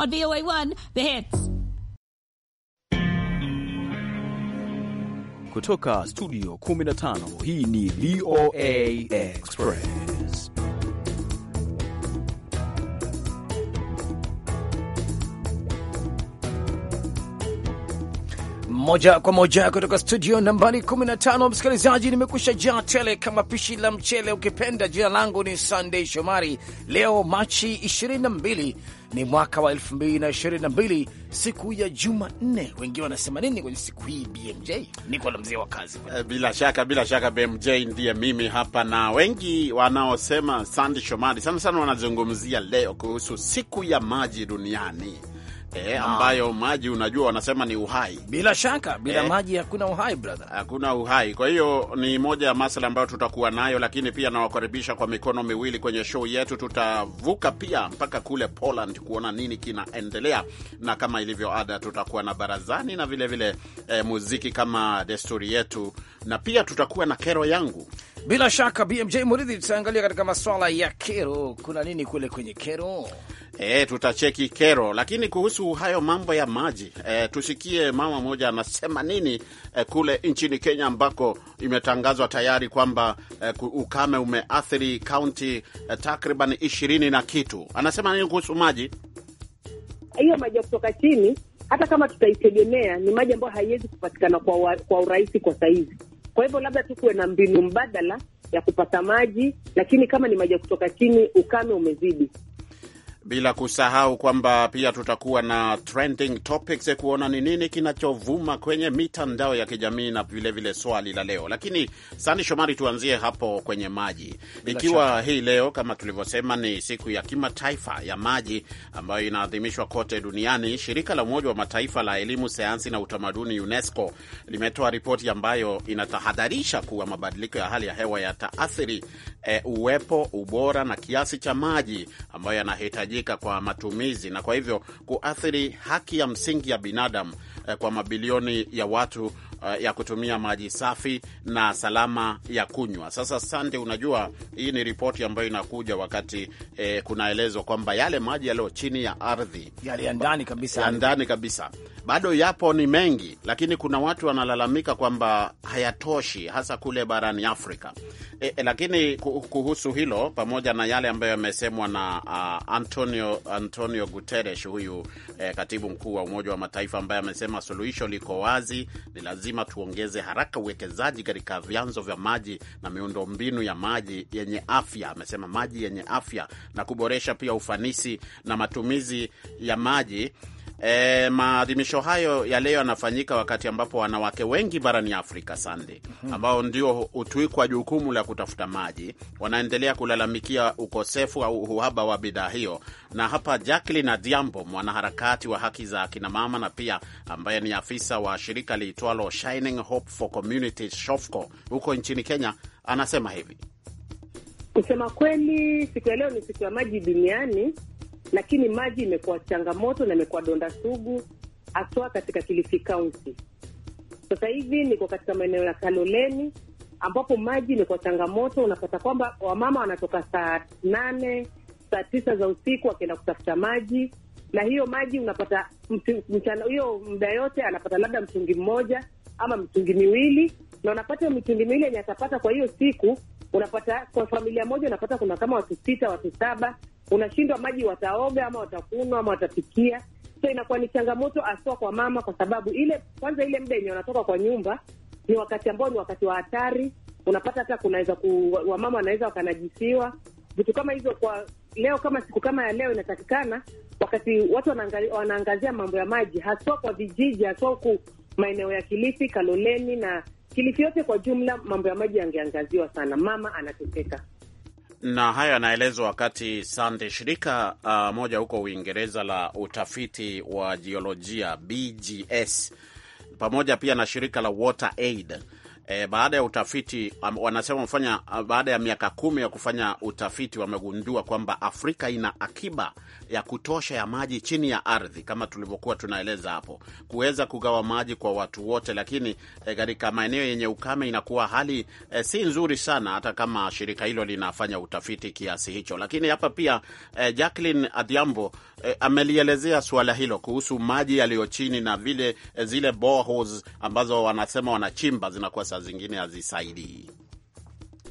on VOA1 The Hits. Kutoka studio 15 hii ni VOA Express. Moja kwa moja kutoka studio nambari 15, msikilizaji, nimekusha jaa tele kama pishi la mchele ukipenda. Jina langu ni Sunday Shomari. Leo Machi 22 ni mwaka wa 2022 siku ya Jumanne. Wengi wanasema nini kwenye siku hii? BMJ niko na mzee wa kazi. Eh, bila shaka, bila shaka, BMJ ndiye mimi hapa, na wengi wanaosema Sandi Shomari sana sana wanazungumzia leo kuhusu siku ya maji duniani. E, ambayo maji unajua wanasema ni uhai. Bila shaka bila e, maji hakuna uhai brother, hakuna uhai. Kwa hiyo ni moja ya masala ambayo tutakuwa nayo, lakini pia nawakaribisha kwa mikono miwili kwenye show yetu. Tutavuka pia mpaka kule Poland kuona nini kinaendelea, na kama ilivyo ada tutakuwa na barazani na vilevile vile, e, muziki kama desturi yetu, na pia tutakuwa na kero yangu bila shaka. BMJ Muridhi, tutaangalia katika maswala ya kero, kuna nini kule kwenye kero E, tutacheki kero, lakini kuhusu hayo mambo ya maji e, tusikie mama mmoja anasema nini e, kule nchini Kenya ambako imetangazwa tayari kwamba e, ukame umeathiri kaunti e, takriban ishirini na kitu. Anasema nini kuhusu maji? Hiyo maji ya kutoka chini, hata kama tutaitegemea, ni maji ambayo haiwezi kupatikana kwa, kwa urahisi kwa sahizi. Kwa hivyo labda tukuwe na mbinu mbadala ya kupata maji, lakini kama ni maji ya kutoka chini, ukame umezidi bila kusahau kwamba pia tutakuwa na trending topics kuona ni nini kinachovuma kwenye mitandao ya kijamii na vilevile swali la leo. Lakini Sandi Shomari, tuanzie hapo kwenye maji, ikiwa hii leo kama tulivyosema ni siku ya kimataifa ya maji ambayo inaadhimishwa kote duniani. Shirika la Umoja wa Mataifa la Elimu, Sayansi na Utamaduni, UNESCO, limetoa ripoti ambayo inatahadharisha kuwa mabadiliko ya hali ya hewa yataathiri e, uwepo, ubora na kiasi cha maji ambayo yanahitaji inahitajika kwa matumizi na kwa hivyo kuathiri haki ya msingi ya binadamu eh, kwa mabilioni ya watu uh, ya kutumia maji safi na salama ya kunywa. Sasa Sande, unajua hii ni ripoti ambayo inakuja wakati eh, kunaelezwa kwamba yale maji yaliyo chini ya ardhi yale ya ndani kabisa, ya ndani kabisa bado yapo ni mengi, lakini kuna watu wanalalamika kwamba hayatoshi, hasa kule barani Afrika. E, e, lakini kuhusu hilo pamoja na yale ambayo yamesemwa na uh, Antonio, Antonio Guterres huyu eh, katibu mkuu wa Umoja wa Mataifa ambaye amesema suluhisho liko wazi, ni lazima lazima tuongeze haraka uwekezaji katika vyanzo vya maji na miundombinu ya maji yenye afya, amesema maji yenye afya, na kuboresha pia ufanisi na matumizi ya maji E, maadhimisho hayo ya leo yanafanyika wakati ambapo wanawake wengi barani Afrika sande, mhm. ambao ndio hutwikwa jukumu la kutafuta maji, wanaendelea kulalamikia ukosefu au uhaba wa bidhaa hiyo. Na hapa Jacqueline Adiambo, mwanaharakati wa haki za akinamama na pia ambaye ni afisa wa shirika liitwalo Shining Hope for Community SHOFCO huko nchini Kenya, anasema hivi: kusema kweli, siku ya leo ni siku ya maji duniani lakini maji imekuwa changamoto na imekuwa donda sugu haswa katika Kilifi Kaunti. Sasa hivi niko katika maeneo ya Kaloleni ambapo maji imekuwa changamoto. Unapata kwamba wamama wanatoka saa nane saa tisa za usiku wakienda kutafuta maji, na hiyo maji unapata mchana, hiyo muda yote anapata labda mtungi mmoja ama mitungi miwili, na unapata hiyo mitungi miwili yenye atapata kwa hiyo siku, unapata kwa familia moja, unapata kuna kama watu sita, watu saba, unashindwa maji wataoga ama watakunywa ama watapikia. So inakuwa ni changamoto aswa kwa mama, kwa sababu ile kwanza, ile muda yenye wanatoka kwa nyumba ni wakati ambao ni wakati wa hatari. Unapata hata kunaweza ku, wamama wanaweza wakanajisiwa vitu kama hizo. Kwa leo kama siku kama ya leo, inatakikana wakati watu wanaangazia, wanaangazia mambo ya maji haswa kwa vijiji, haswa huku maeneo ya Kilifi, Kaloleni na Kilifi yote kwa jumla, mambo ya maji yangeangaziwa sana. Mama anateseka na hayo yanaelezwa wakati sande shirika uh, moja huko Uingereza la utafiti wa jiolojia BGS pamoja pia na shirika la aid E, baada ya utafiti um, wanasema wamefanya baada ya miaka kumi ya kufanya utafiti wamegundua kwamba Afrika ina akiba ya kutosha ya maji chini ya ardhi, kama tulivyokuwa tunaeleza hapo, kuweza kugawa maji kwa watu wote. Lakini e, katika e, maeneo yenye ukame inakuwa hali e, si nzuri sana, hata kama shirika hilo linafanya utafiti kiasi hicho. Lakini hapa pia e, Jacqueline Adhiambo eh, amelielezea suala hilo kuhusu maji yaliyo chini na vile eh, zile boreholes ambazo wanasema wanachimba zinakuwa saa zingine hazisaidii.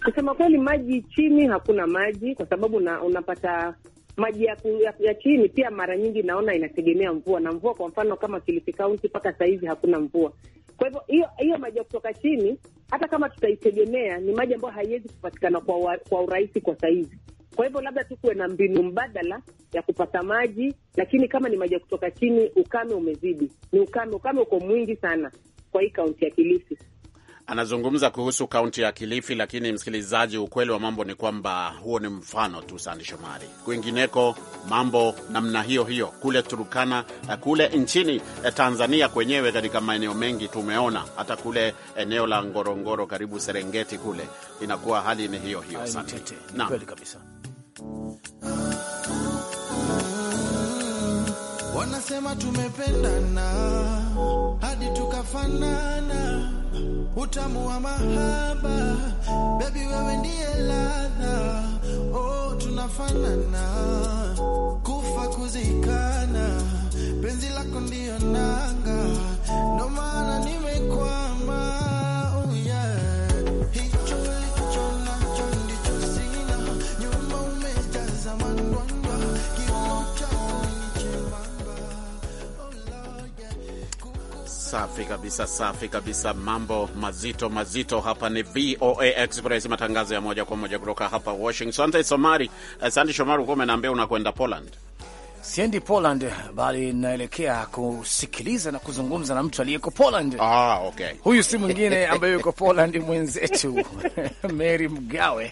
Kusema kweli, maji chini hakuna maji kwa sababu na, unapata maji ya, ya, ya chini pia mara nyingi naona inategemea mvua na mvua. Kwa mfano kama Kilifi Kaunti mpaka sahizi hakuna mvua. Kwa hivyo hiyo hiyo maji ya kutoka chini, hata kama tutaitegemea, ni maji ambayo haiwezi kupatikana kwa, kwa urahisi kwa sahizi. Kwa hivyo labda tukuwe na mbinu mbadala ya kupata maji, lakini kama ni maji ya kutoka chini, ukame umezidi, ni ukame, ukame uko mwingi sana kwa hii kaunti ya Kilifi. Anazungumza kuhusu kaunti ya Kilifi, lakini msikilizaji, ukweli wa mambo ni kwamba huo ni mfano tu. Sandi Shomari, kwingineko mambo namna hiyo hiyo, kule Turukana, eh, kule nchini eh, Tanzania kwenyewe, katika maeneo mengi tumeona, hata kule eneo la Ngorongoro karibu Serengeti kule inakuwa hali ni hiyo hiyo. Wanasema tumependana hadi tukafanana, utamu wa mahaba, baby wewe ndiye ladha, oh tunafanana, kufa kuzikana, penzi lako ndiyo nanga, ndo maana nimekwama Safi kabisa, safi kabisa. Mambo mazito mazito hapa. Ni VOA Express, matangazo ya moja kwa moja kutoka hapa Washington. Sante Somari, Sandi Shomari, eh, ukuwa umenaambia unakwenda Poland. Siendi Poland bali naelekea kusikiliza na kuzungumza na mtu aliyeko Poland. Ah, okay. Huyu si mwingine ambaye yuko Poland mwenzetu Mary Mgawe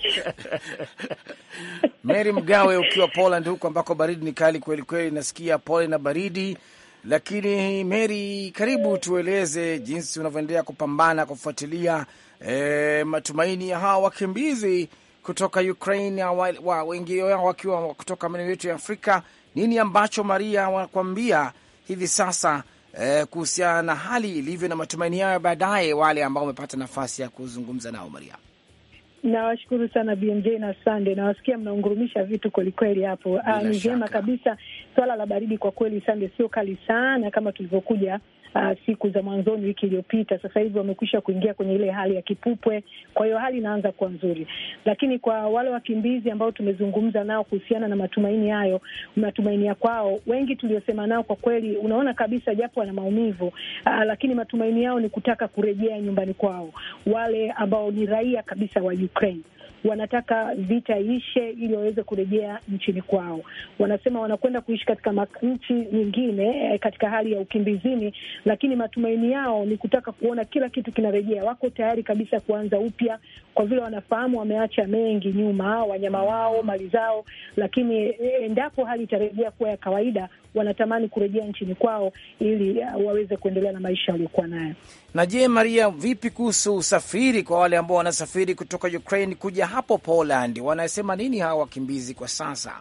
Mary Mgawe, ukiwa Poland huko ambako baridi ni kali kweli kweli, nasikia pole na baridi lakini Mary, karibu tueleze jinsi unavyoendelea kupambana kufuatilia e, matumaini ya hawa wakimbizi kutoka Ukraine, wengi wao wakiwa kutoka maeneo yetu ya Afrika. Nini ambacho Maria wanakuambia hivi sasa e, kuhusiana na hali ilivyo na matumaini yao ya baadaye, wale ambao wamepata nafasi ya kuzungumza nao? Maria, nawashukuru sana BMJ na Sande, nawasikia mnaungurumisha vitu kwelikweli hapo. Ah, ni vyema kabisa swala la baridi kwa kweli sande, sio kali sana kama tulivyokuja Uh, siku za mwanzoni wiki iliyopita. Sasa hivi wamekwisha kuingia kwenye ile hali ya kipupwe, kwa hiyo hali inaanza kuwa nzuri, lakini kwa wale wakimbizi ambao tumezungumza nao kuhusiana na matumaini hayo, matumaini ya kwao, wengi tuliosema nao kwa kweli, unaona kabisa japo wana maumivu uh, lakini matumaini yao ni kutaka kurejea nyumbani kwao, wale ambao ni raia kabisa wa Ukraine wanataka vita iishe ili waweze kurejea nchini kwao. Wanasema wanakwenda kuishi katika nchi nyingine eh, katika hali ya ukimbizini, lakini matumaini yao ni kutaka kuona kila kitu kinarejea. Wako tayari kabisa kuanza upya, kwa vile wanafahamu wameacha mengi nyuma, wanyama wao, mali zao, lakini eh, endapo hali itarejea kuwa ya kawaida wanatamani kurejea nchini kwao ili uh, waweze kuendelea na maisha waliokuwa nayo. Na je, Maria, vipi kuhusu usafiri kwa wale ambao wanasafiri kutoka Ukraine kuja hapo Poland? Wanasema nini hawa wakimbizi kwa sasa?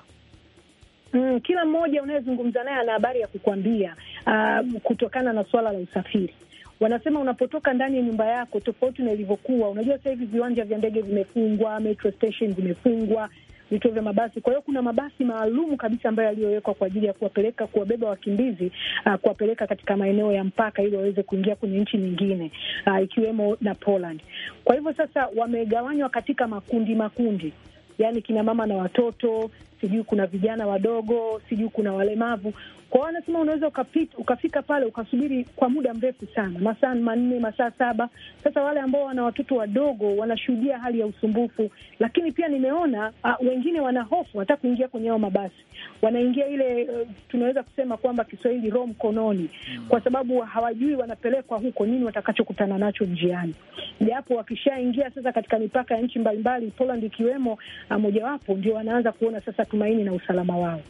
Mm, kila mmoja unayezungumza naye ana habari ya kukwambia uh, kutokana na suala la usafiri wanasema unapotoka ndani ya nyumba yako, tofauti na ilivyokuwa. Unajua, sasa hivi viwanja vya ndege vimefungwa, metro station zimefungwa, vituo vya mabasi. Kwa hiyo kuna mabasi maalum kabisa ambayo yaliyowekwa kwa ajili ya kuwapeleka, kuwabeba wakimbizi uh, kuwapeleka katika maeneo ya mpaka ili waweze kuingia kwenye nchi nyingine uh, ikiwemo na Poland. Kwa hivyo sasa wamegawanywa katika makundi makundi, yaani kina mama na watoto, sijui kuna vijana wadogo, sijui kuna walemavu kwao wanasema anasema unaweza ukapita ukafika pale ukasubiri kwa muda mrefu sana, masaa manne, masaa saba. Sasa wale ambao wana watoto wadogo wanashuhudia hali ya usumbufu, lakini pia nimeona uh, wengine wana hofu hata kuingia kwenye hao mabasi, wanaingia ile uh, tunaweza kusema kwamba Kiswahili roho mkononi, hmm. kwa sababu hawajui wanapelekwa huko nini watakachokutana nacho njiani, japo wakishaingia sasa katika mipaka ya nchi mbalimbali, Poland ikiwemo ah, mojawapo, ndio wanaanza kuona sasa tumaini na usalama wao.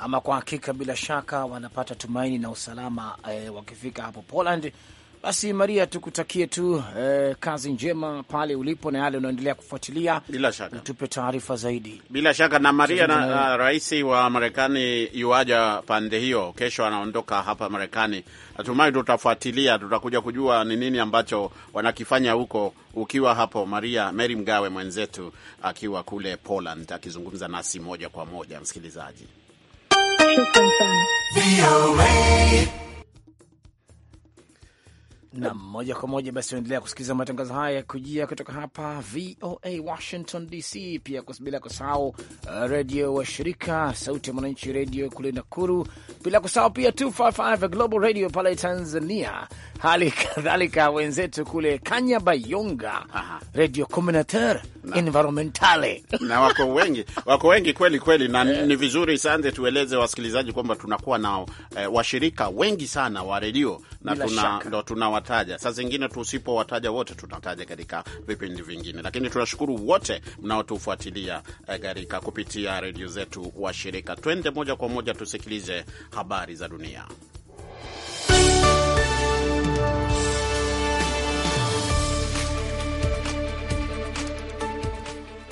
Ama kwa hakika bila shaka wanapata tumaini na usalama e, wakifika hapo Poland. Basi Maria, tukutakie tu eh, kazi njema pale ulipo na yale unaendelea kufuatilia, bila shaka utupe taarifa zaidi. Bila shaka na Maria na, na uh, rais wa Marekani yuaja pande hiyo, kesho anaondoka hapa Marekani. Natumai tutafuatilia, tutakuja kujua ni nini ambacho wanakifanya huko, ukiwa hapo Maria Mary Mgawe mwenzetu akiwa kule Poland akizungumza nasi moja kwa moja, msikilizaji. Na moja kwa moja basi unaendelea kusikiliza matangazo haya ya kujia kutoka hapa VOA Washington DC, pia bila kusahau uh, redio wa shirika Sauti ya Mwananchi redio kule Nakuru, bila kusahau pia 255 Global Radio pale Tanzania hali kadhalika wenzetu kule Kanyabayonga, Radio Communautaire Environmentale, na wako wengi, wako wengi kweli kweli, na yeah. Ni vizuri sande, tueleze wasikilizaji kwamba tunakuwa na eh, washirika wengi sana wa redio na tuna, ndo tunawataja saa zingine, tusipowataja wote tunataja katika vipindi vingine, lakini tunashukuru wote mnaotufuatilia eh, katika eh, kupitia redio zetu washirika. Twende moja kwa moja tusikilize habari za dunia.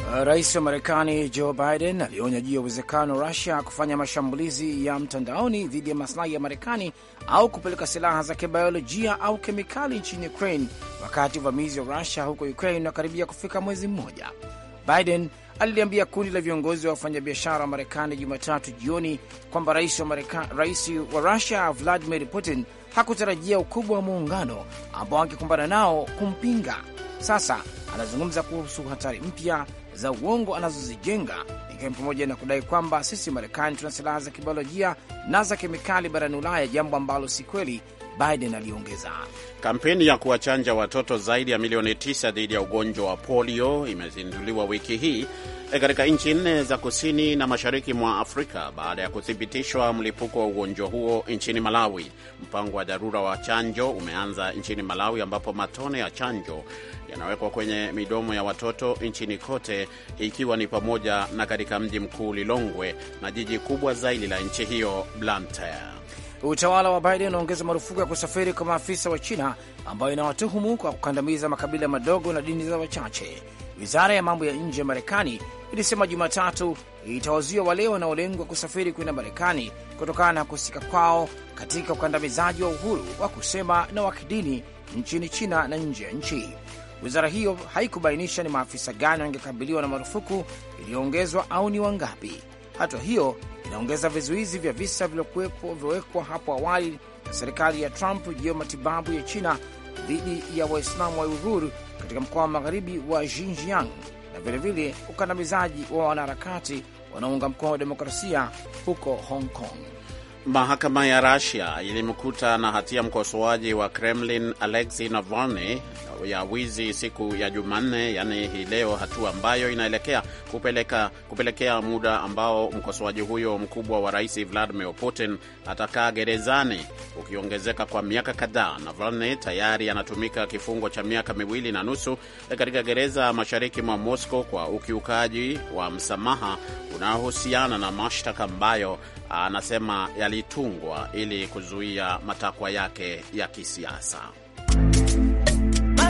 Uh, rais wa Marekani Joe Biden alionya juu ya uwezekano wa Rusia kufanya mashambulizi ya mtandaoni dhidi ya maslahi ya Marekani au kupeleka silaha za kibiolojia au kemikali nchini Ukraine wakati uvamizi wa Rusia huko Ukraine unakaribia kufika mwezi mmoja. Biden aliliambia kundi la viongozi wa wafanyabiashara wa Marekani Jumatatu jioni kwamba rais wa, rais wa Rusia Vladimir Putin hakutarajia ukubwa wa muungano ambao angekumbana nao kumpinga sasa anazungumza kuhusu hatari mpya za uongo anazozijenga ikiwa ni pamoja na kudai kwamba sisi Marekani tuna silaha za kibiolojia na za kemikali barani Ulaya, jambo ambalo si kweli. Biden aliongeza. Kampeni ya kuwachanja watoto zaidi ya milioni 9 dhidi ya ugonjwa wa polio imezinduliwa wiki hii E, katika nchi nne za kusini na mashariki mwa Afrika baada ya kuthibitishwa mlipuko wa ugonjwa huo nchini Malawi. Mpango wa dharura wa chanjo umeanza nchini Malawi ambapo matone ya chanjo yanawekwa kwenye midomo ya watoto nchini kote ikiwa ni pamoja na katika mji mkuu Lilongwe na jiji kubwa zaidi la nchi hiyo Blantyre. Utawala wa Biden unaongeza marufuku ya kusafiri kwa maafisa wa China ambayo inawatuhumu kwa kukandamiza makabila madogo na dini za wachache. Wizara ya mambo ya nje ya Marekani ilisema Jumatatu itawazuia wale wanaolengwa kusafiri kwenda Marekani kutokana na kuhusika kwao katika ukandamizaji wa uhuru wa kusema na wa kidini nchini China na nje ya nchi. Wizara hiyo haikubainisha ni maafisa gani wangekabiliwa na marufuku iliyoongezwa au ni wangapi. Hatua hiyo inaongeza vizuizi vya visa vilivyowekwa hapo awali na serikali ya Trump juu ya matibabu ya China dhidi ya Waislamu wa Uighur katika mkoa wa magharibi wa Xinjiang na vilevile ukandamizaji wa wanaharakati wanaounga mkono wa demokrasia huko Hong Kong. Mahakama ya Rasia ilimkuta na hatia mkosoaji wa Kremlin Alexei Navalny ya wizi siku ya Jumanne, yani hii leo, hatua ambayo inaelekea kupeleka, kupelekea muda ambao mkosoaji huyo mkubwa wa rais Vladimir Putin atakaa gerezani ukiongezeka kwa miaka kadhaa. Navalny tayari anatumika kifungo cha miaka miwili na nusu katika gereza mashariki mwa Moscow kwa ukiukaji wa msamaha unaohusiana na mashtaka ambayo anasema yalitungwa ili kuzuia matakwa yake ya kisiasa.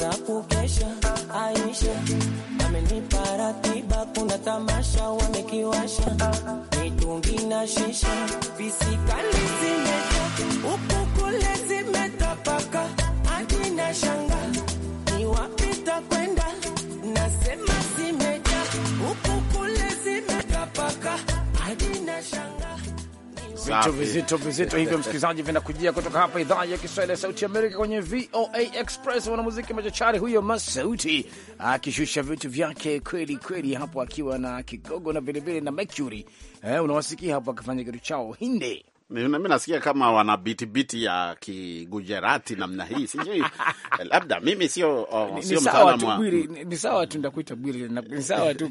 za kukesha. Aisha amenipa ratiba, kuna tamasha wamekiwasha, mitungi na shisha, visikali zimeta, huku kule zimetapaka vitu vizito vizito hivyo msikilizaji, vinakujia kutoka hapa idhaa ya Kiswahili ya Sauti Amerika kwenye VOA Express. Mwanamuziki machachari huyo Masauti akishusha vitu vyake kweli kweli hapo, akiwa na Kigogo na vilevile na Mercury. Eh, unawasikia hapo akifanya kitu chao hinde mimi nasikia kama wana bitibiti ya kigujerati namna hii, sijui labda mimi sio sio mtaalamu wa ni sawa tu, ndakuita Bwili, ni sawa tu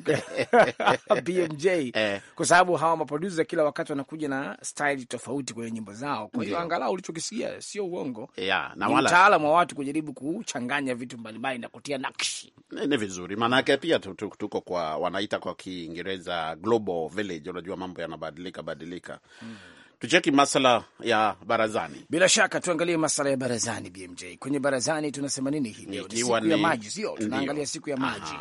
BMJ eh, kwa sababu hawa maproducer kila wakati wanakuja na style tofauti kwenye nyimbo zao, kwa hiyo angalau ulichokisikia sio uongo yeah, na wala mtaalamu wa watu kujaribu kuchanganya vitu mbalimbali na kutia nakshi ni, ni vizuri, maana yake pia tuko tu, tu, kwa wanaita kwa Kiingereza global village. Unajua mambo yanabadilika badilika, badilika. Mm tucheki masala ya barazani. Bila shaka tuangalie masala ya barazani. BMJ, kwenye barazani tunasema nini hii leo? Siku ya maji, sio? Tunaangalia siku ya maji.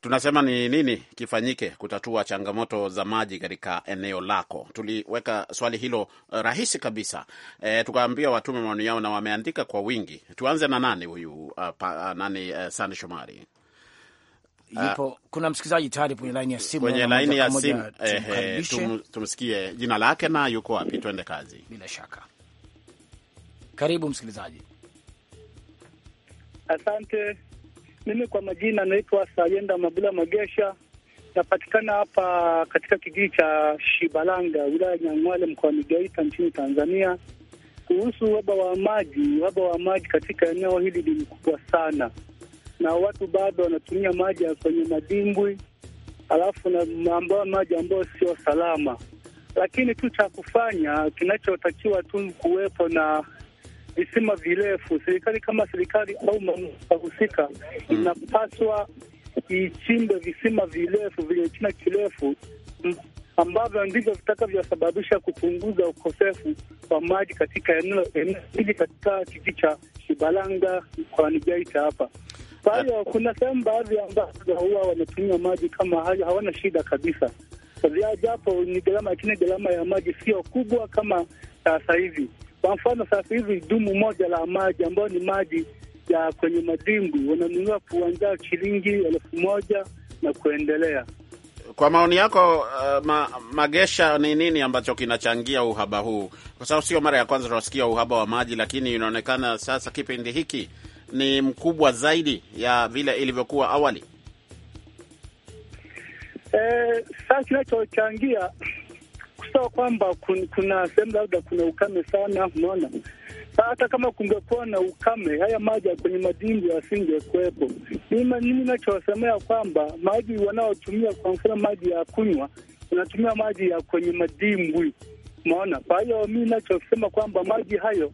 Tunasema ni nini kifanyike kutatua changamoto za maji katika eneo lako. Tuliweka swali hilo eh, rahisi kabisa e, tukaambia watume maoni yao na wameandika kwa wingi. Tuanze na nani huyu, uh, pa, uh, nani uh, Sande Shomari Ah. Yupo, kuna msikilizaji tayari kwenye laini ya simu, kwenye laini ya simu eh, tum, tumsikie jina lake na yuko wapi, twende kazi. Bila shaka, karibu msikilizaji. Asante. Mimi kwa majina naitwa Sayenda Mabula Magesha, napatikana hapa katika kijiji cha Shibalanga, wilaya Nyang'wale, mkoani Geita, nchini Tanzania. Kuhusu uhaba wa maji, uhaba wa maji katika eneo hili ni mkubwa sana na watu bado wanatumia maji ya kwenye madimbwi, alafu na ambao maji ambayo sio salama. Lakini tu cha kufanya kinachotakiwa tu kuwepo na visima virefu. Serikali kama serikali au mamlaka husika hmm. inapaswa ichimbe visima virefu vyenye kina kirefu ambavyo ndivyo vitakavyosababisha kupunguza ukosefu wa maji katika eneo hili, katika kijiji cha Shibalanga mkoani Geita hapa. Kwa hiyo kuna sehemu baadhi ambazo huwa wanatumia maji kama hayo, hawana shida kabisa, japo ni gharama, lakini gharama ya maji sio kubwa kama uh, sasa hivi. Kwa mfano, sasa hivi dumu moja la maji ambayo ni maji ya kwenye madimbu wananunua kuanzia shilingi elfu moja na kuendelea. Kwa maoni yako, uh, ma, Magesha, ni nini ambacho kinachangia uhaba huu? Kwa sababu sio mara ya kwanza tunasikia uhaba wa maji, lakini inaonekana sasa kipindi hiki ni mkubwa zaidi ya vile ilivyokuwa awali? Eh, sasa kinachochangia kusema kwamba kun, kuna sehemu labda kuna ukame sana, unaona hata kama kungekuwa na ukame haya maji kwenye madimbi yasingekuwepo. Mimi nachosemea kwamba maji wanaotumia kwa mfano maji ya kunywa wanatumia maji ya kwenye madimbwi, maona Kwa hiyo mi nachosema kwamba maji hayo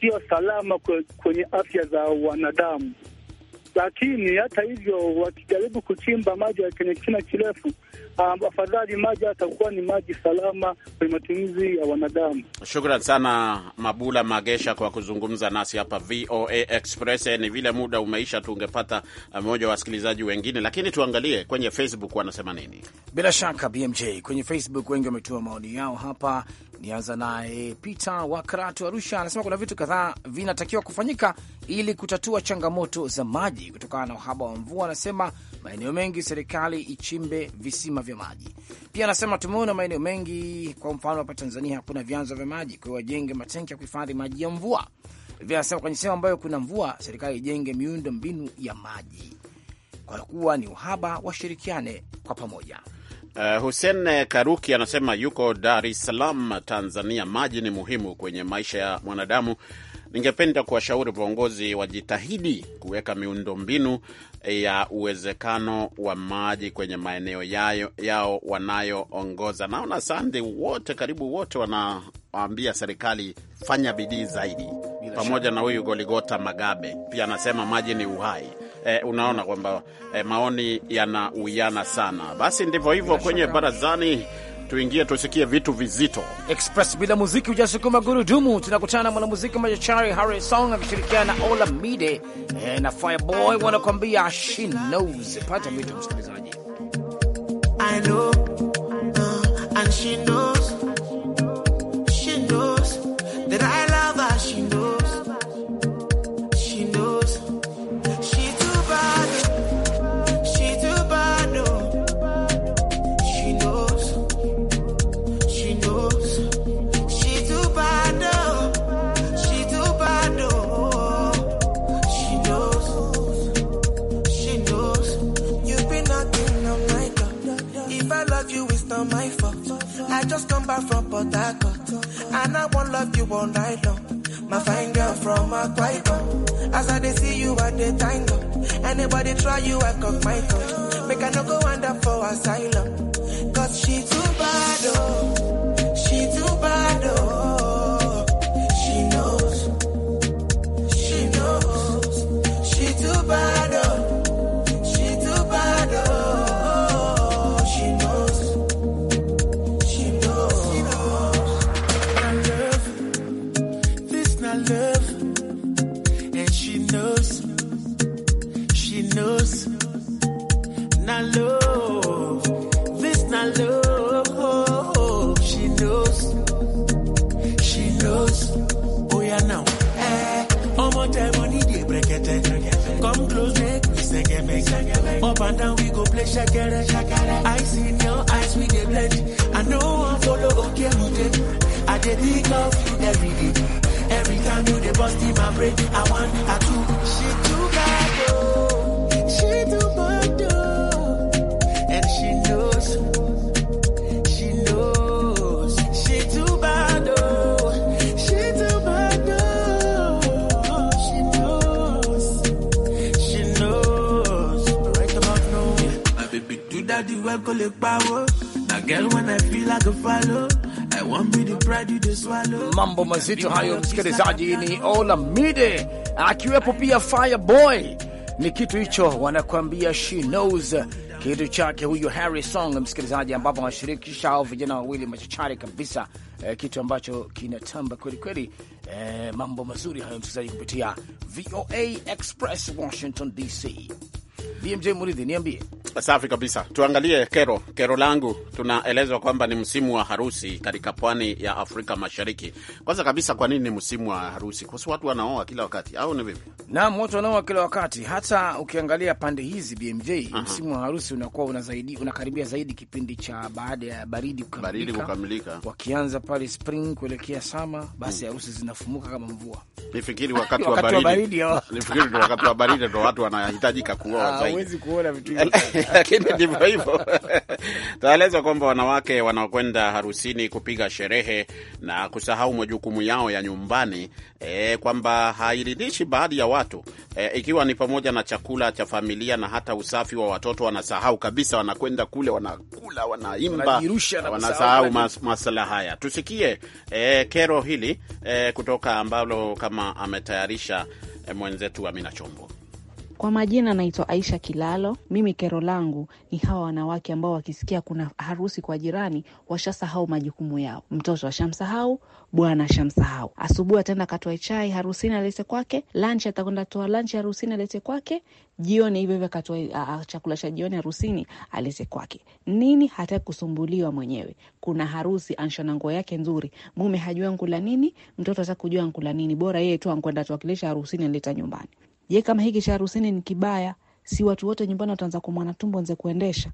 sio salama kwenye afya za wanadamu. Lakini hata hivyo, wakijaribu kuchimba maji kwenye kina kirefu, um, afadhali maji atakuwa ni maji salama kwa matumizi ya wanadamu. Shukran sana Mabula Magesha kwa kuzungumza nasi hapa VOA Express. Eh, ni vile muda umeisha, tungepata mmoja eh, wa wasikilizaji wengine, lakini tuangalie kwenye Facebook wanasema nini. Bila shaka BMJ, kwenye Facebook wengi wametuma maoni yao hapa. Nianza naye Peter wa Karatu, Arusha, anasema kuna vitu kadhaa vinatakiwa kufanyika ili kutatua changamoto za maji kutokana na uhaba wa mvua. Anasema maeneo mengi serikali ichimbe visima vya maji. Pia anasema tumeona maeneo mengi, kwa mfano hapa Tanzania hakuna vyanzo vya maji, kwa hiyo wajenge matenki ya kuhifadhi maji ya mvua. Vile anasema kwenye sehemu ambayo kuna mvua, serikali ijenge miundo mbinu ya maji, kwa kuwa ni uhaba, washirikiane kwa pamoja. Uh, Hussein Karuki anasema yuko Dar es Salaam, Tanzania. Maji ni muhimu kwenye maisha ya mwanadamu. Ningependa kuwashauri viongozi wajitahidi kuweka miundombinu eh, ya uwezekano wa maji kwenye maeneo yao, yao wanayoongoza. Naona sande wote karibu wote wanaambia serikali fanya bidii zaidi, pamoja na huyu Goligota Magabe pia anasema maji ni uhai eh, unaona kwamba eh, maoni yanauiana sana. Basi ndivyo hivyo kwenye barazani. Tuingie tusikie vitu vizito express. Bila muziki hujasukuma gurudumu. Tunakutana na mwanamuziki machachari Harry Song akishirikiana na Mide eh, na Fireboy wanakuambia she knows. Pata vitu msikilizaji. I know, uh, and she knows. And I won't love you all night long. My fine girl from Aquaico. As I they see you at the tango. Anybody try you, I cock my tongue. Make I no go end for asylum. Cause she too bad. mambo mazito hayo, msikilizaji. Ni Olamide akiwepo pia Fireboy, ni kitu hicho wanakuambia she knows kitu chake huyo Harry Song, msikilizaji, ambapo anashirikisha hao vijana wawili machachari kabisa eh, kitu ambacho kinatamba kweli kweli. Eh, mambo mazuri hayo msikilizaji, kupitia VOA Express Washington DC. BMJ Muridhi, niambie Safi kabisa. Tuangalie kero, kero langu. Tunaelezwa kwamba ni msimu wa harusi katika pwani ya Afrika Mashariki. Kwanza kabisa, kwa nini ni msimu wa harusi? Kwa sababu watu wanaoa kila wakati, au ni vipi? Naam, watu wanaoa kila wakati. Hata ukiangalia pande hizi BMJ, Aha. msimu wa harusi unakuwa una zaidi, unakaribia zaidi kipindi cha baada ya baridi kukamilika, baridi kukamilika, wakianza pale spring kuelekea sama, basi hmm. harusi hmm. zinafumuka kama mvua. Nifikiri wakati wa baridi, nifikiri wakati wa baridi oh. ndo watu wanahitajika kuoa ah, zaidi. Huwezi kuona vitu hivi lakini ndivyo hivyo. Tunaelezwa kwamba wanawake wanaokwenda harusini kupiga sherehe na kusahau majukumu yao ya nyumbani e, kwamba hairidhishi baadhi ya watu e, ikiwa ni pamoja na chakula cha familia na hata usafi wa watoto. Wanasahau kabisa, wanakwenda kule, wanakula, wanaimba, wanasahau mas, masala haya. Tusikie e, kero hili e, kutoka ambalo kama ametayarisha e, mwenzetu Amina Chombo. Kwa majina naitwa Aisha Kilalo. Mimi kero langu ni hawa wanawake ambao wakisikia kuna harusi kwa jirani washasahau majukumu yao. Mtoto ashamsahau, bwana ashamsahau. Asubuhi ataenda katoa chai harusini alete kwake, lunch atakwenda toa lunch harusini alete kwake, jioni hivyo hivyo akatoa chakula cha jioni harusini alete kwake. Nini? Hataki kusumbuliwa mwenyewe. Kuna harusi anshona nguo yake nzuri, mume hajua nkula nini, mtoto hataki kujua nkula nini, bora yeye tu ankwenda tuwakilisha harusini aleta nyumbani. Je, kama hiki cha harusini ni kibaya, si watu wote nyumbani wataanza kumwana tumbo nze kuendesha?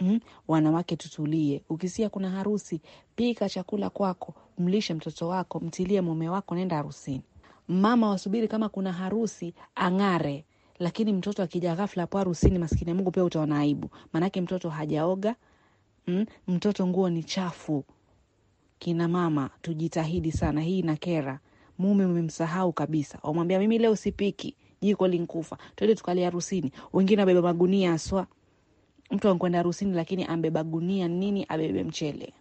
Mm, wanawake tutulie. Ukisikia kuna harusi, pika chakula kwako, mlishe mtoto wako, mtilie mume wako, nenda harusini. Mama wasubiri kama kuna harusi, ang'are lakini mtoto akija ghafla hapo harusini, maskini Mungu, pia utaona aibu, maanake mtoto hajaoga mm, mtoto nguo ni chafu. Kina mama tujitahidi sana, hii inakera. Mume umemsahau kabisa, wamwambia mimi leo sipiki jiko linkufa, twende tukale harusini. Wengine abeba magunia aswa, mtu ankwenda harusini, lakini ambeba gunia nini, abebe mchele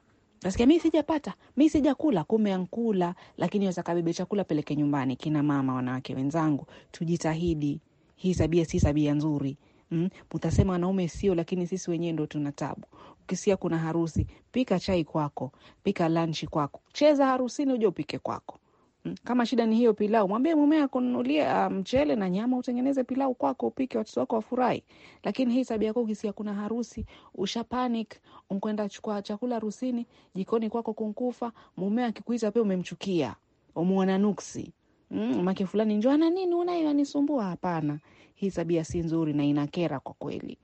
Nasikia mi sijapata, mi sijakula, kumbe ankula, lakini weza kabebe chakula peleke nyumbani. Kina mama, wanawake wenzangu, tujitahidi. Hii tabia si tabia nzuri. Mm, mutasema wanaume sio, lakini sisi wenyewe ndo tuna tabu. Ukisikia kuna harusi, pika chai kwako, pika lanchi kwako, cheza harusini, uja upike kwako. Mm. Kama shida ni hiyo pilau, mwambie mume akununulie uh, mchele na nyama, utengeneze pilau kwako, upike, watoto wako wafurahi. Lakini hii tabia yako, ukisikia kuna harusi usha panic, unkwenda chukua chakula harusini, jikoni kwako kunkufa, mume akikuita pia umemchukia, umuona nuksi mm, make fulani njoo ana nini, unayo anisumbua. Hapana, hii tabia si nzuri na inakera kwa kweli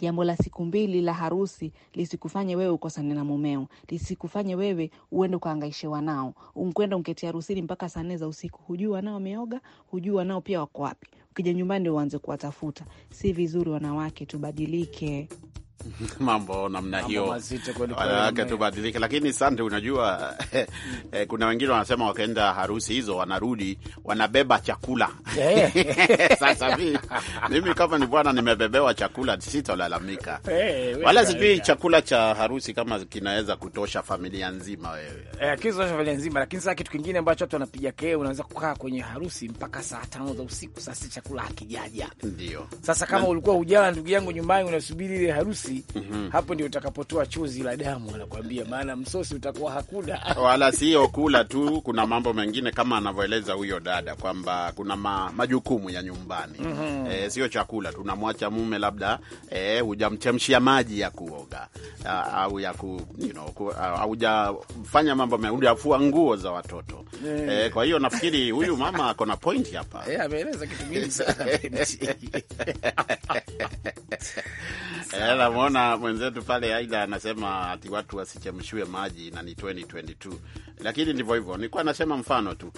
jambo la siku mbili la harusi lisikufanye wewe ukosane na mumeo, lisikufanye wewe uende ukaangaishe wanao, unkwenda unketi harusini mpaka saa nne za usiku, hujui wanao wameoga, hujui wanao pia wako wapi. Ukija nyumbani uanze kuwatafuta, si vizuri. Wanawake tubadilike. mambo namna hiyo tubadilike. Lakini sante, unajua eh, kuna wengine wanasema wakaenda harusi hizo wanarudi wanabeba chakula eh. sasa mi, mimi kama ni bwana nimebebewa chakula sitalalamika, hey, eh, wala sijui chakula cha harusi kama kinaweza kutosha familia nzima wewe eh, familia nzima. Lakini sasa kitu kingine ambacho watu wanapiga kee, unaweza kukaa kwenye harusi mpaka saa tano za usiku, sasa chakula hakijaja. Ndio sasa kama ulikuwa ndugu yangu nyumbani, unasubiri ile harusi chuzi mm -hmm. Hapo ndio utakapotoa chuzi la damu, anakuambia, maana msosi utakuwa hakuna wala sio kula tu. Kuna mambo mengine kama anavyoeleza huyo dada kwamba kuna ma, majukumu ya nyumbani mm -hmm. E, sio chakula, tunamwacha mume labda eh, hujamchemshia e, maji ya kuoga au ya ku, you know, haujafanya mambo mengi, hujafua nguo za watoto mm. E, kwa hiyo nafikiri huyu mama ako na point hapa e, ameeleza kitu mingi sana Naona mwenzetu pale aidha anasema ati watu wasichemshiwe maji na ni 2022 lakini ndivyo hivyo, nilikuwa nasema mfano tu.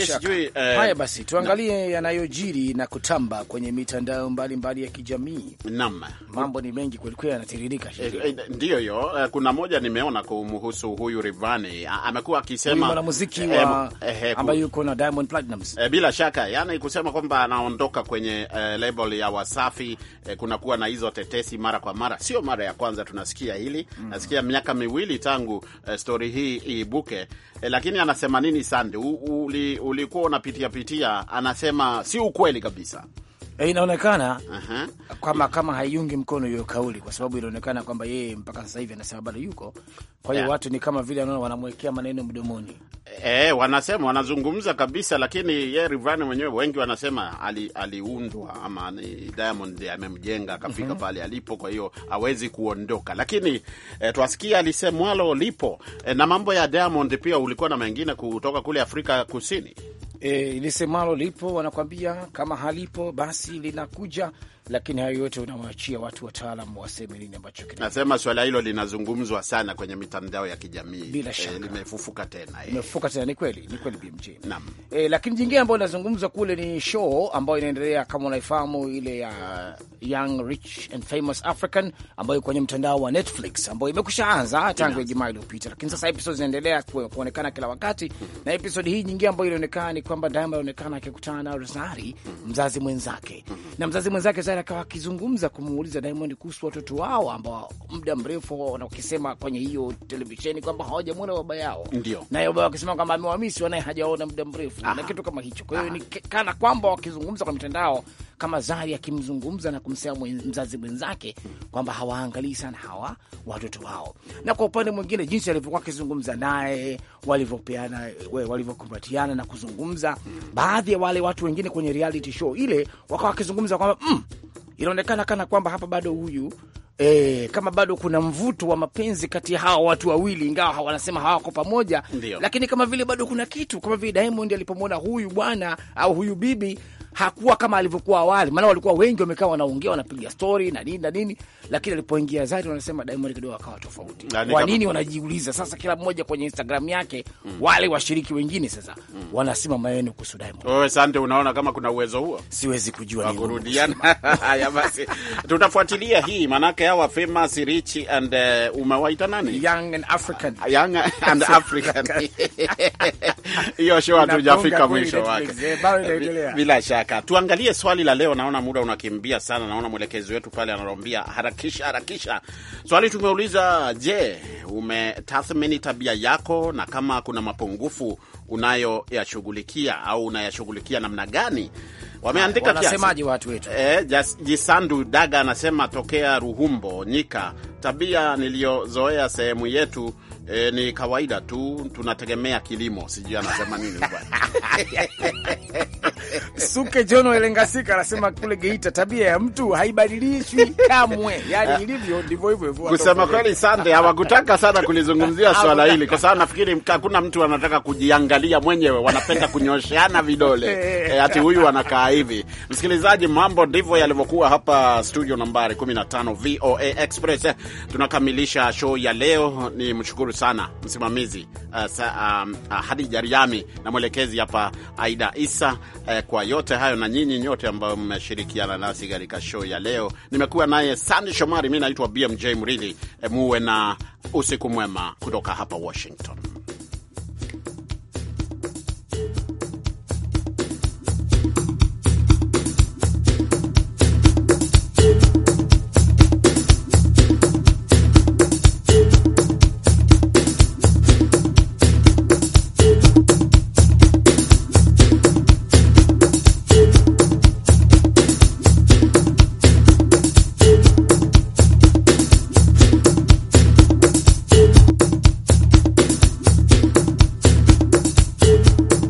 Sijui eh, haya basi tuangalie na, yanayojiri na kutamba kwenye mitandao mbalimbali mbali ya kijamii. Naam, mambo ni mengi kwelikweli, yanatiririka eh, eh, ndiyo hiyo eh, kuna moja nimeona kumhusu huyu Rivani amekuwa akisema mwanamuziki eh, wa eh, eh, ambaye yuko na Diamond Platnumz eh, bila shaka, yani kusema kwamba anaondoka kwenye eh, label ya Wasafi eh, kunakuwa na hizo tetesi mara kwa mara, sio mara ya kwanza tunasikia hili mm. Nasikia miaka miwili tangu eh, stori hii iibuke E, lakini anasema nini Sande, ulikuwa unapitia pitia, anasema si ukweli kabisa E, inaonekana uh-huh, kama kama haiungi mkono hiyo kauli, kwa sababu inaonekana kwamba yeye mpaka sasa hivi anasema bado yuko. Kwa hiyo yeah, watu ni kama vile wanaona wanamwekea maneno mdomoni. E, wanasema wanazungumza kabisa, lakini ye Rivani mwenyewe wengi wanasema ali, aliundwa ama ni Diamond amemjenga akafika mm -hmm. pale alipo, kwa hiyo hawezi kuondoka. Lakini e, twasikia alisemwalo lipo e, na mambo ya Diamond pia ulikuwa na mengine kutoka kule Afrika Kusini e, eh, lisemalo lipo wanakwambia, kama halipo basi linakuja lakini hayo yote unawaachia watu wataalam waseme nini ambacho kina. Nasema swala hilo linazungumzwa sana kwenye mitandao ya kijamii bila eh, shaka, limefufuka tena, eh. limefufuka tena. Ni kweli, ni kweli BMJ. Naam. E, lakini jingine ambayo linazungumzwa kule ni show ambayo inaendelea kama unaifahamu, ile ya Young Rich and Famous African ambayo kwenye mtandao wa Netflix ambayo imekusha anza tangu Ijumaa iliyopita, lakini sasa episode zinaendelea kuonekana kila wakati, na episode hii nyingine ambayo ilionekana ni kwamba Diamond anaonekana akikutana na Rosari mzazi mwenzake, na mzazi mwenzake sasa akawa akizungumza kumuuliza Diamond kuhusu watoto wao ambao muda mrefu wakisema kwenye hiyo televisheni kwamba hawajamwona baba yao, ndio naye baba wakisema kwamba amewamisi wanaye hajaona muda mrefu na kitu kama hicho. Kwa hiyo ni kana kwamba wakizungumza kwa mitandao kama Zari akimzungumza na kumsema mzazi mwenzake kwamba hawaangalii sana hawa watoto wao, na kwa upande mwingine jinsi alivyokuwa akizungumza naye, walivyopeana, walivyokumbatiana na kuzungumza, baadhi ya wale watu wengine kwenye reality show ile wakawa wakizungumza kwamba mm, inaonekana kana kwamba hapa bado huyu E, kama bado kuna mvuto wa mapenzi kati ya hawa watu wawili, ingawa wanasema hawako pamoja, lakini kama vile bado kuna kitu, kama vile Diamond alipomwona huyu bwana au huyu bibi hakuwa kama alivyokuwa awali, maana walikuwa wengi wamekaa wanaongea wanapiga stori na nini na nini, lakini alipoingia Zari wanasema Diamond kidogo akawa tofauti. Kwa nini? Wanajiuliza sasa, kila mmoja kwenye Instagram yake mm. wale washiriki wengine sasa mm. wanasema maneno kuhusu Diamond. Wewe sante, unaona kama kuna uwezo huo? Siwezi kujua kurudiana. Haya basi, tutafuatilia hii manake hawa famous rich and uh, umewaita nani, young and African, uh, young and African hiyo show hatujafika mwisho wake eh, bila shaka haraka. Tuangalie swali la leo, naona muda unakimbia sana, naona mwelekezi wetu pale anatuambia harakisha harakisha. Swali tumeuliza, je, umetathmini tabia yako na kama kuna mapungufu unayoyashughulikia au unayashughulikia namna gani? Wameandika wanasemaje watu wetu? E, Jisandu Daga anasema tokea Ruhumbo Nyika, tabia niliyozoea sehemu yetu E, ni kawaida tu, tunategemea kilimo. Sijui anasema nini bwana Suke Jono Elengasika anasema kule Geita, tabia ya mtu haibadilishwi kamwe, yani ilivyo ndivyo hivyo. Kusema kweli, sande, hawakutaka sana kulizungumzia swala hili, kwa sababu nafikiri hakuna mtu anataka kujiangalia mwenyewe, wanapenda kunyosheana vidole e, ati huyu anakaa hivi. Msikilizaji, mambo ndivyo yalivyokuwa hapa studio nambari 15 VOA Express. Tunakamilisha show ya leo, ni mshukuru sana msimamizi uh, sa, um, uh, Hadija Riami na mwelekezi hapa Aida Isa eh, kwa yote hayo na nyinyi nyote ambayo mmeshirikiana nasi katika show ya leo. Nimekuwa naye Sandi Shomari, mi naitwa BMJ Mridhi. Eh, muwe na usiku mwema kutoka hapa Washington.